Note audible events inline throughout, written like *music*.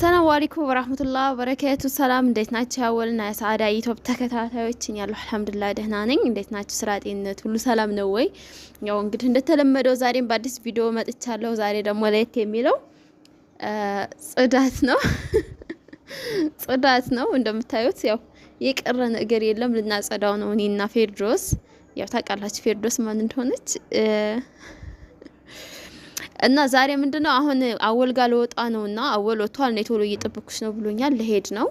አሰላሙ አለይኩም ወራህመቱላህ በረከቱ። ሰላም እንዴት ናችሁ? ያወልና የሰዓዳ ዩቲዩብ ተከታታዮች ያለሁ አልሐምዱሊላህ ደህና ነኝ። እንዴት ናችሁ? ስራ፣ ጤንነት ሁሉ ሰላም ነው ወይ? ያው እንግዲህ እንደተለመደው ዛሬም በአዲስ ቪዲዮ መጥቻለሁ። ዛሬ ደግሞ ለየት የሚለው ጽዳት ነው *laughs* ጽዳት ነው። እንደምታዩት ያው የቀረ ነገር የለም፣ ልናጸዳው ነው እኔና ፌርዶስ። ያው ታውቃላችሁ ፌርዶስ ማን እንደሆነች እና ዛሬ ነው አሁን አወል ጋር ልወጣ እና አወል ወጥቷል። እኔ ቶሎ እየጠበኩሽ ነው ብሎኛል። ልሄድ ነው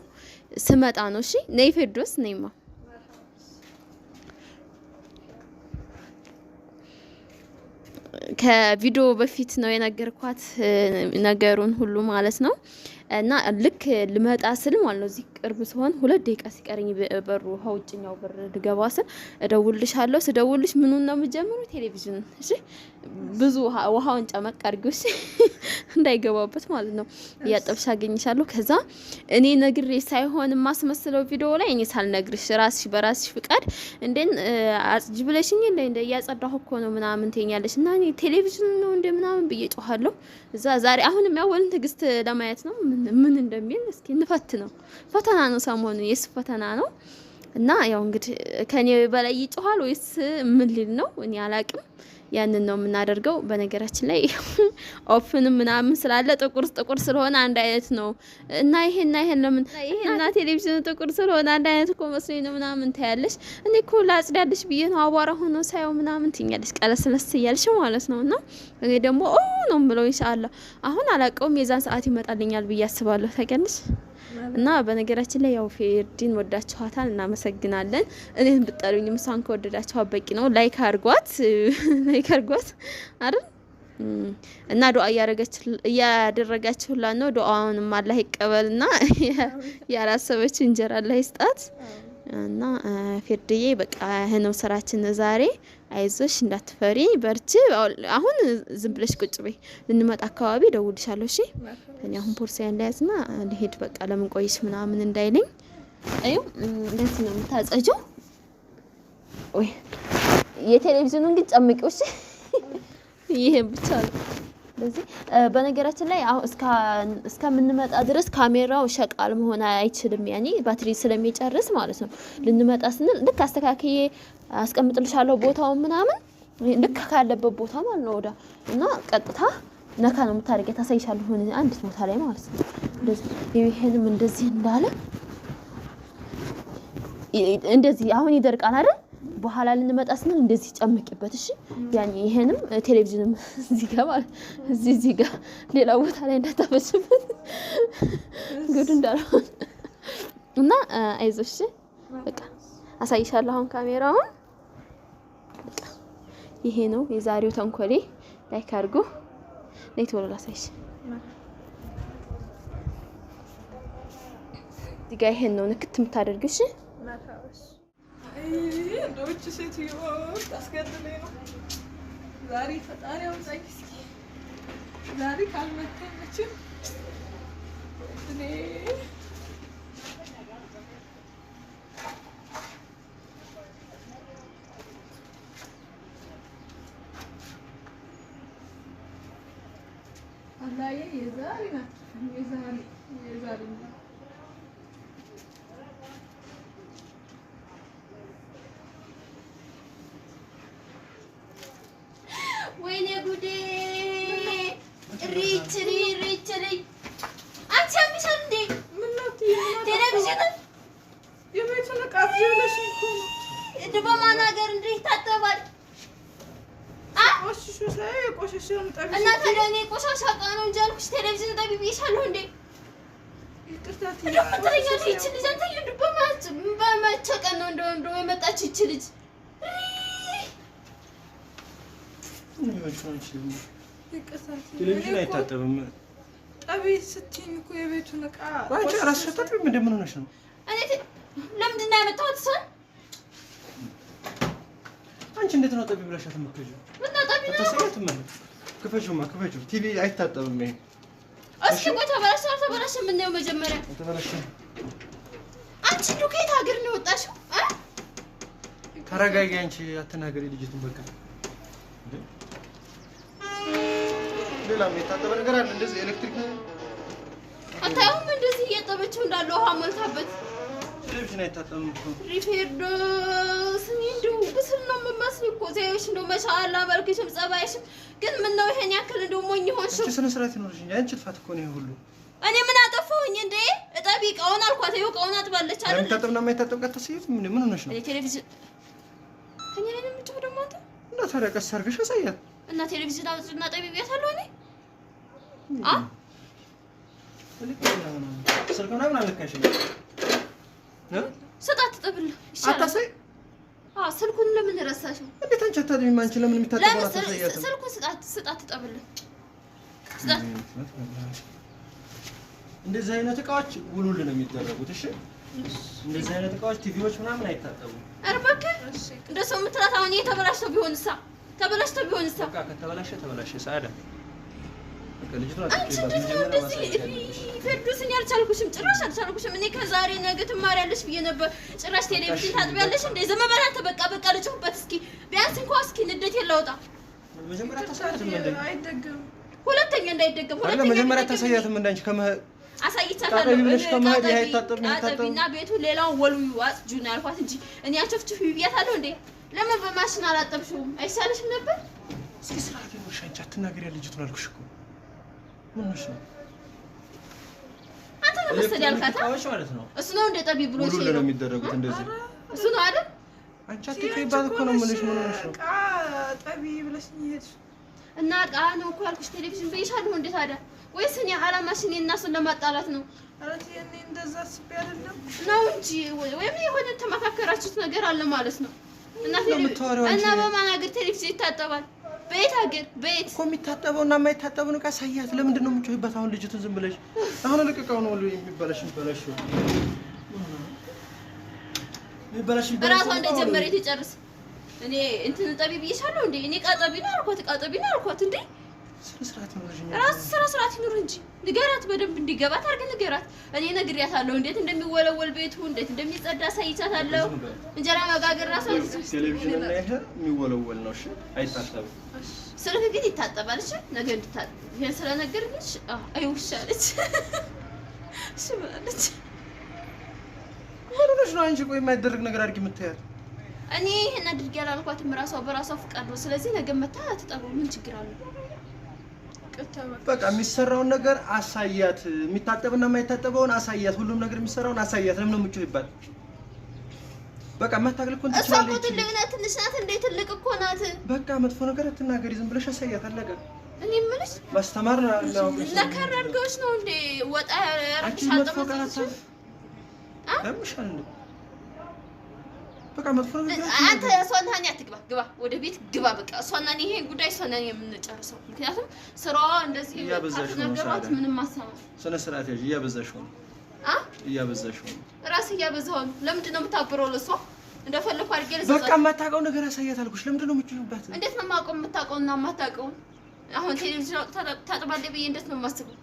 ስመጣ ነው። እሺ ነይ ፌርዶስ ነይማ ከቪዲዮ በፊት ነው የነገርኳት ነገሩን ሁሉ ማለት ነው። እና ልክ ልመጣ ስል ማለት ነው እዚህ ቅርብ ሲሆን ሁለት ደቂቃ ሲቀረኝ በሩ ውጭኛው በር ልገባ ስል እደውልልሻለሁ። ስደውልሽ ምኑን ነው የምጀምሩ? ቴሌቪዥን። እሺ፣ ብዙ ውሃውን ጨመቅ አድርጊው፣ እሺ፣ እንዳይገባበት ማለት ነው። እያጠብሽ አገኝሻለሁ። ከዛ እኔ ነግሬ ሳይሆን የማስመስለው ቪዲዮ ላይ እኔ ሳልነግርሽ ራስሽ በራስሽ ፍቃድ እንዴን አጽጅ ብለሽኝ እንደ እንደ እያጸዳሁ እኮ ነው ምናምን ትኛለሽ። እና እኔ ቴሌቪዥን ነው እንደ ምናምን ብዬ ጮኋለሁ። እዛ ዛሬ አሁን የሚያወልን ትዕግስት ለማየት ነው ምን እንደሚል እስኪ እንፈት ነው ፈተና ነው፣ ሰሞኑ የእሱ ፈተና ነው እና ያው እንግዲህ ከኔ በላይ ይጮኋል ወይስ ምን ሊል ነው? እኔ አላቅም። ያንን ነው የምናደርገው። በነገራችን ላይ *laughs* ኦፍን ምናምን ስላለ ጥቁር ጥቁር ስለሆነ አንድ አይነት ነው እና ይሄና ይሄን ለምን ይሄና ቴሌቪዥኑ ጥቁር ስለሆነ አንድ አይነት እኮ መስሎኝ ነው ምናምን ታያለሽ። እኔ እኮ ላጽዳለሽ ብዬ ነው አቧራ ሆኖ ሳየው ምናምን ትኛለሽ፣ ቀለስለስ እያልሽ ማለት ነው። እና እኔ ደግሞ ኦ ነው ብለው ይሻላ አሁን አላቀውም። የዛን ሰዓት ይመጣልኛል ብዬ አስባለሁ። ታውቂያለሽ እና በነገራችን ላይ ያው ፌርዲን ወዳችኋታል፣ እናመሰግናለን። እኔን ብጠሉኝ ምሳን ከወደዳችኋት በቂ ነው። ላይክ አርጓት፣ *laughs* ላይክ አርጓት አይደል እና ዱአ እያደረጋችሁላት ነው። ዱአውንም አላህ ይቀበልና *laughs* ያላሰበችው እንጀራ ላይ ስጣት። እና ፍርድዬ በቃ ህነው ስራችን ዛሬ። አይዞሽ፣ እንዳትፈሪ፣ በርቺ። አሁን ዝም ብለሽ ቁጭ በይ። ልንመጣ አካባቢ ደውልሻለሁ። እሺ። እኔ አሁን ፖርሳ እንዳያዝና ልሄድ በቃ ለምን ቆይሽ ምናምን እንዳይለኝ። አዩ እንደዚህ ነው የምታጸጀው። ወይ የቴሌቪዥኑን ግን ጨምቂው። እሺ። ይሄን ብቻ ነው። ስለዚህ በነገራችን ላይ አሁን እስከምንመጣ ድረስ ካሜራው ሸቃል መሆን አይችልም። ያኔ ባትሪ ስለሚጨርስ ማለት ነው። ልንመጣ ስንል ልክ አስተካክዬ አስቀምጥልሻለሁ ቦታውን ምናምን ልክ ካለበት ቦታ ማለት ነው። ወዳ እና ቀጥታ ነካ ነው የምታደርጊ ታሳይሻለሁ። አንድ ቦታ ላይ ማለት ነው። ይሄንም እንደዚህ እንዳለ እንደዚህ አሁን ይደርቃል አይደል? በኋላ ልንመጣ ስንል እንደዚህ ጨምቂበት። እሺ ያኔ ይሄንም ቴሌቪዥንም *laughs* እዚህ ጋር ማለት እዚህ እዚህ ጋር ሌላ ቦታ ላይ እንዳታበሽበት ግዱ እንዳልሆን እና አይዞሽ፣ በቃ አሳይሻለሁ። አሁን ካሜራውን ይሄ ነው የዛሬው ተንኮሌ። ላይክ አድርጉ። ነይ ቶሎ ላሳይሽ። እዚህ ጋር ይሄን ነው ንክት የምታደርጊው። እሺ እንደውች ሴትዮ ታስገድለኝ ነው ዛሬ። ፈጣሪ አውጣኝ እስኪ ዛሬ ካልመከመችም እኔ ታዲያ እኔ ቆሻሻ ዕቃ ነው እንጂ አልኩሽ። ቴሌቪዥን ጠቢብ ይሻለሁ እንዴ እንደምትለኛለ ይች ልጅ አንተ ልድ በመቼ ቀን ነው እንደ እንደ የመጣች ይች ልጅ ቴሌቪዥን አይታጠብም። ጠቢ ስትይኝ እኮ የቤቱን ዕቃ እራስሽ አታጥቢም። እንደምን ሆነሽ ነው? ለምንድን ነው ያመጣሁት ሰው አንቺ እንዴት ነው ጠቢ ብለሻት የምትሄጂው? ክፈሹማ ክፈሹ። ቲቪ አይታጠብም። ይሄ እሺ። ቆይ ተበላሽ አልተበላሽ የምናየው መጀመሪያ። ተበላሽ አንቺ እንደው ከየት ሀገር ነው የወጣሽው? ተረጋጊ አንቺ አትናገሪ ልጅቱን። በቃ ሌላ የታጠበ ነገር አለ እንደዚህ ኤሌክትሪክ። አታየውም እንደዚህ እያጠበችው እንዳለ ውሃ ሞልታበት ልብሽን አይታጠብም እኮ ሪፌርዶስ። እኔ እንደው ቁስል ነው የምመስለው እኮ ሲያዩሽ፣ እንደው መሻአላ መልክሽም ጸባይሽም። ግን ምነው ይሄን ያክል እንደው ሞኝ ሆንሽ? ስነ ስርዓት ይኖርሽኝ። አንቺ ጥፋት እኮ ነው ይሄ ሁሉ። እኔ ምን አጠፋሁኝ እንዴ? እጠቢ እቃውን አልኳት። ይኸው እቃውን አጥባለች አይደል? የምታጠብና የማይታጠብ ቀጥታ ሲይዝ ምን ምን ሆነሽ ነው? ቴሌቪዥን እኛ ላይ ነው የምትጨው ደግሞ አንተ። እና ታዲያ ቀስ አድርገሽ ያሳያል። እና ቴሌቪዥን አውጪና ጠቢ ብያታለሁ እኔ አ ስልክ ምናምን አልነካሽም ስጣት ትጥብል ይሻላል። አዎ ስልኩን ለምን ረሳሽው? እንዴት አንቺ አታድሚም? አንቺ ለምን የሚታጠበው አታሳያትም? ስልኩን ስጣት ስጣት ትጥብል ስጣት። እንደዚህ አይነት እቃዎች ውሉል ነው የሚደረጉት። እሺ እንደዚህ አይነት እቃዎች ቲቪዎች ምናምን አይታጠቡም። ኧረ እባክህ እንደ ሰው የምትላት አሁን የተበላሸው ቢሆንሳ ተበላሽተው ቢሆንሳ ከተበላሸ ተበላሸ ሰዓዳ ፊርዱስን አልቻልኩሽም፣ ጭራሽ አልቻልኩሽም። እኔ ከዛሬ ነገ ትማሪያለሽ ብዬ ነበር። ጭራሽ ቴሌቪዥን ታጥቢያለሽ። እንደ ዘመበላ ተበቃ በቃ ልጩሁበት። እስኪ ቢያንስ እንኳ እስኪ ንዴት የላውጣ ሁለተኛ እንዳይደገም። መጀመሪያ ታሳያትም እንዳንቺ አሳይቻታለሁና ቤቱ ሌላውን ወልዩ አጽጁን ያልኳት እንጂ እኔ አቸፍችፍ ብያታለሁ። እንዴ ለምን በማሽን አላጠብሽውም? አይሻልሽም ነበር? እስኪ ስራ ሻንቻ ትናገሪያ ልጅቱን አልኩሽ እኮ ምንሽ ነው? አንተ ነው መሰል ያልካት ማለት ነው። እሱ ነው እንደ ጠቢ ብሎ ሲሄድ ነው የሚደረጉት እንደዚህ። እሱ ነው አይደል? አንቺ አትቀይባት እኮ ነው የምልሽ። ምን ሆነሽ ነው? ጠቢ ብለሽ ይሄድ እና ዕቃ ነው እኮ ያልኩሽ። ቴሌቪዥን ነው እንዴት ታዲያ? ወይስ እኔ አላማሽ እኔ እና እሱን ለማጣላት ነው? እኔ እንደዛ አስቤ አይደለም ነው እንጂ ወይም የሆነ ተመካከራችሁት ነገር አለ ማለት ነው። እና ቴሌቪዥን ይታጠባል? ቤት አገር ቤት እኮ የሚታጠበው እና የማይታጠበው ዕቃ ሳያት ለምንድን ነው የምጮህበት? አሁን ልጅቱን ዝም ብለሽ አሁን ልቅቀው ነው የሚበላሽ የሚበላሽ የሚበላሽ በራሷ እንደጀመረ ትጨርስ። እኔ እንትን ጠቢ ብዬሻለሁ እንዴ? እኔ ቃጠቢ ነው አልኳት፣ ቃጠቢ ነው አልኳት እንዴ ራሱ ስራ ስርዓት ይኑር እንጂ ንገራት፣ በደንብ እንዲገባት አድርገህ ንገራት። እኔ ነግሬያታለሁ፣ እንዴት እንደሚወለወል ቤቱ እንዴት እንደሚጸዳ አሳይቻታለሁ። እንጀራ መጋገር ራሱ ቴሌቪዥን ላይ የሚወለወል ነው። እሺ፣ አይታጠብም። ስልክ ግን ይታጠባል። እሺ፣ ነገ እንድታጠብ ይሄን ስለነገርኩሽ አይውሻለች። እሺ ብላለች። ምን ሆነሽ ነው አንቺ? ቆይ የማይደረግ ነገር አድርጊ የምትያት እኔ ይሄን አድርጊ አላልኳትም። ራሷ በራሷ ፍቃድ ነው። ስለዚህ ነገ መታ ትጠሩ ምን ችግር አለው? በቃ የሚሰራውን ነገር አሳያት። የሚታጠብና የማይታጠበውን አሳያት። ሁሉም ነገር የሚሰራውን አሳያት። ለምን ነው ይባል በቃ ማታግል እኮ ትንሽ ናት፣ እንደ ትልቅ እኮ ናት። በቃ መጥፎ ነገር አትናገሪ፣ ዝም ብለሽ አሳያት። አለቀ። እኔ የምልሽ ማስተማር ነው ያለው። አድርገውሽ ነው እንዴ? ወጣ ያረግሻል። በቃ መጥፎ ነገር አንተ እሷና እኔ አትግባ፣ ግባ ወደ ቤት ግባ። በቃ እሷና እኔ ይሄ ጉዳይ እሷና እኔ የምንጨርሰው ምክንያቱም ስራዋ እንደዚህ ነገሯት። ምንም ማሰማ ስነ ስርዓት ያዥ። እያበዛሽው ነው አ እያበዛሽው ነው ራስ እያበዛው ነው። ለምንድን ነው የምታብረው? ለእሷ እንደፈለኩ አድርጌ ልዘዛ። በቃ የማታውቀው ነገር አሳያት አልኩሽ። ለምንድን ነው የምትችልባት? እንዴት ነው የማውቀው የምታውቀውና የማታውቀውን? አሁን ቴሌቪዥን ታጥባለህ ብዬ እንዴት ነው የማስበው?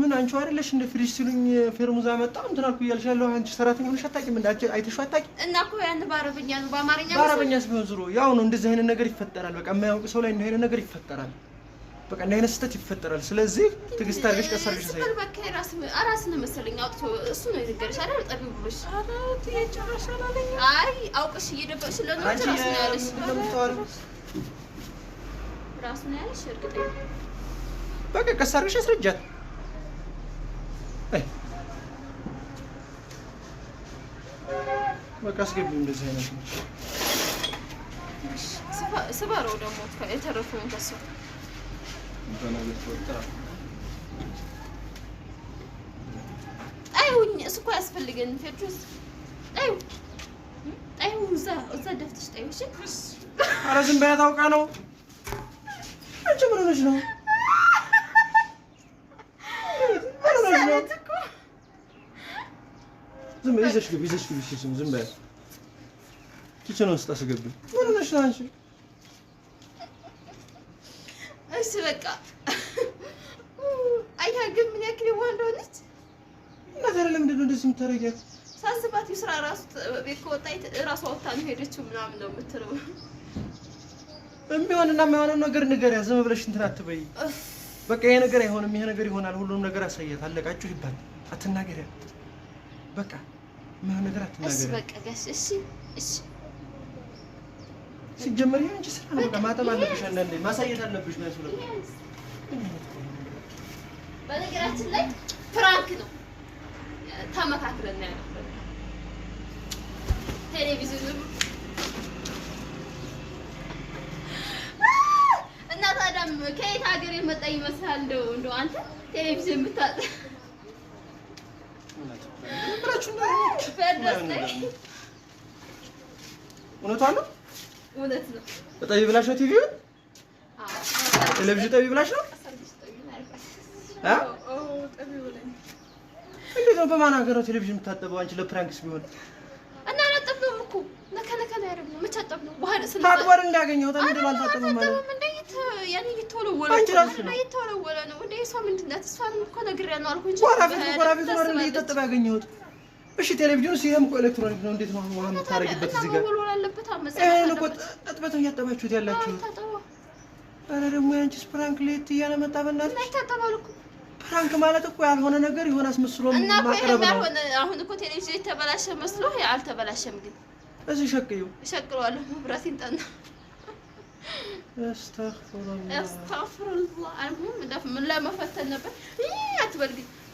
ምን አንቺ አይደለሽ እንደ ፍሪጅ ሲሉኝ ፌርሙዝ አመጣ እንትን አልኩ እያልሽ ያለው አንቺ ሰራተኛ ሆነሽ አታውቂም፣ አንቺ አይተሽው አታውቂም። እና እኮ ያን በአረብኛ ነው በአማርኛ በአረብኛስ ቢሆን ዞሮ ያው ነው። እንደዚህ አይነት ነገር ይፈጠራል። በቃ የማያውቅ ሰው ላይ እንደ አይነት ነገር ይፈጠራል። በቃ እንደ አይነት ስህተት ይፈጠራል። ስለዚህ ትዕግስት አድርገሽ ቀስ አድርገሽ ሳይ በቃ ራስ ራስ ነው መሰለኝ አውጥቶ እሱ ነው የነገረሽ አይደል? ብሎሽ አይ እየደበቅሽ ራስ ነው ያለሽ ራስ ነው ያለሽ እርግጠኛ በቃ ቀስ አድርገሽ አስረጃት። በቃ አስገቢ። እንደዚህ አይነት ነው ስበረው ደግሞ የተረፈውን ከሱ ጣይሁኝ። እሱ እኮ አያስፈልገን። ፌርዱስ ጣይሁ ጣይሁ፣ እዛ እዛ ደፍተሽ ጣይሁ። እሺ፣ ኧረ ዝም በያ ነው። አንቺ ምን ሆነሽ ነው? ዝም በይ ይዘሽ ግቢ ይዘሽ ግቢ። እሺ ዝም በይ። ኪችን ውስጥ አስገቢ። ምን ሆነሽ ነው አንቺ? እሺ በቃ አያ ግን ምን ያክል ይዋ እንደሆነች ነገር ለምንድን ነው እንደዚህ የምታረጊያት? ሳስባት ስራ ራሱ ቤት ከወጣ ራሷ ወጥታ ሄደችው ምናምን ነው የምትለው። የሚሆንና የማይሆነው ነገር ንገሪያት። ዝም ብለሽ እንትን አትበይ። በቃ ይሄ ነገር አይሆንም፣ ይሄ ነገር ይሆናል፣ ሁሉም ነገር አሳያት። አለቃችሁ ይባል አትናገሪያት በቃ ሲጀመር አንቺ ስራ ነው። ማጠብ አለብሽ፣ አንዳንዴ ማሳየት አለብሽ። በነገራችን ላይ ፍራንክ ነው ተመካክረን ያለ ቴሌቪዥን እና ታዲያ ከየት ሀገር የመጣ ይመስላል? እንደው አንተ ቴሌቪዥን የምታጠ እውነቷ ነው። ጠቢ ብላሽ ነው። ቲቪውን ቴሌቪዥን ጠቢ ብላሽ ነው። እንዴት ነው በማን ሀገር ነው ቴሌቪዥን የምታጠበው አንቺ? ለፕራንክስ ቢሆን እና አላጠብነውም እኮ ነካ ነካ ነው ያደረግነው። መቼ አጠብነው? በኋላ ታጥቧል እንዳገኘው ታዲያ ባልታጠበም ማለት ነው። እሺ ቴሌቪዥን ሲሄም እኮ ኤሌክትሮኒክ ነው። እንዴት ነው ውሃ የምታረጊበት? እዚህ ጋር ይሄን እያጠባችሁት ያላችሁ። ኧረ ደግሞ የአንቺስ ፕራንክ ሌት እያለ መጣ። በእናትሽ ፕራንክ ማለት እኮ ያልሆነ ነገር የሆነ አስመስሎ ማቅረብ ነው። አሁን እኮ ቴሌቪዥን የተበላሸ መስሎ አልተበላሸም፣ ግን እዚህ ሸቅየው እሸቅለዋለሁ። መብራት ይምጣና አስተግፍሩላህ አስተግፍሩላህ። አሁን ለመፈተን ነበር አትበል ግን